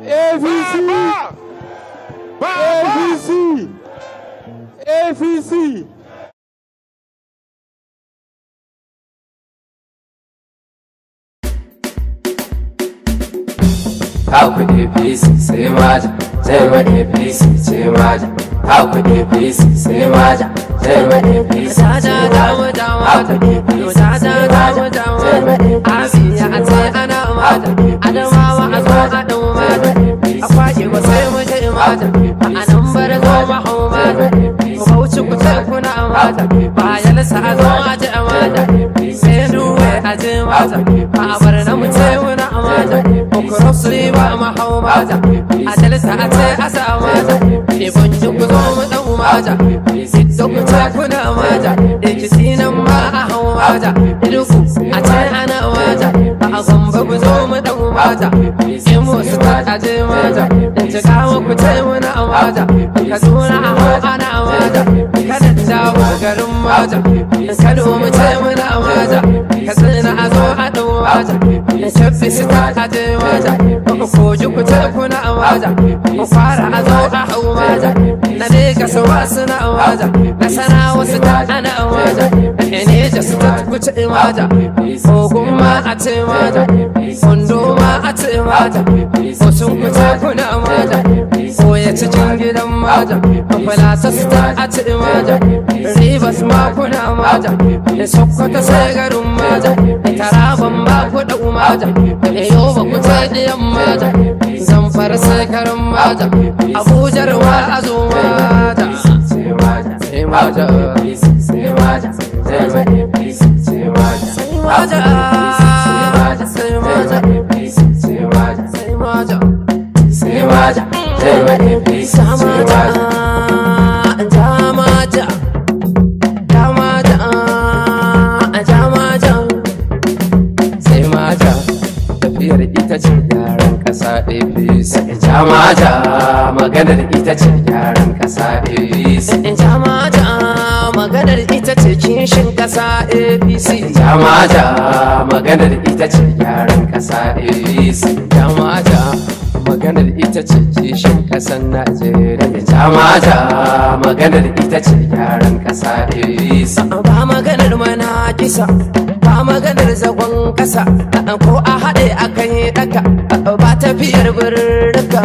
APC APC APC How could APC say maja? Tell what APC say maja. How could APC say maja? Tell what APC say maja. How could APC say maja? amata a nan bar zoma homata ku bauchi ku tarkuna amata bayan sa'adon aji amata sai duwe aji mata ba a bar na mutai wani amata okoro su ba ma hau mata a dalisa a ce asa amata ibon ji ku zo mu dan mata sita ku tarkuna amata da ki sinan ma a hau mata iluku a ce ana mata ba a zamba ku zo mu dan mata in mu su ta aji mata shiga wa ku tai wani amaja Ka kaduna a hau ana amaja kada jawo garin maja Ka mu tai wani amaja Ka katsina a zo a ɗau maja shabbi su ta aje maja ku koji ku tai kuna amaja ku fara a zo a hau maja na daga sawa suna amaja na sana wasu ta ana amaja ne ja su ta kuce maja ogun ma a ce maja kundo ma a ce maja zakuna mada soya cikin gidan maja falasas ta a ciɗi mada ribas makuna mada da sokoto sai garin mada da taraban ba ku ɗau mada da yoba ku ta ɗiyan mada zamfar sai karin mada abujar wa a zo mada sai mada sai mada sai mada sai mada Roger. soja tafiyar ita ce gyaran ƙasa bisa eh, jamaja maganar ita ce gyaran ƙasa bisa eh, jamaja maganar ita ce kishin abc eh, maganar ita ce gyaran ƙasa abc jamaja maganar ita ce kishin ƙasar najeriya jamaja maganar ita ce gyaran ƙasa abc ba maganar mana kisa maganar zagon kasa ko a haɗe akan yi ɗaka ba tafiyar birrika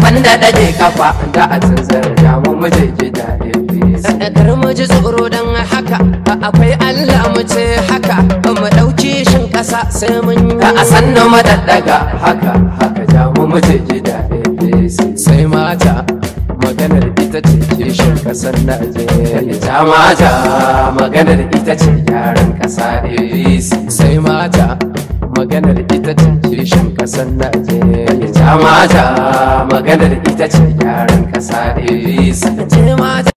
banda ɗage kafa da a tsanzar jamu mu muje ji daɗin kar mu ji tsoro don haka akwai Allah mu ce haka mu ɗauki shin ƙasa sai mun yi a sannu madaddaga haka haka jamu mu muje ji daɗin sai mata maganar ita ce kishin kasar Najeriya ta mata maganar ita ce yaran kasa APC sai mata maganar ita ce kishin kasar Najeriya ta mata maganar ita ce yaran kasa APC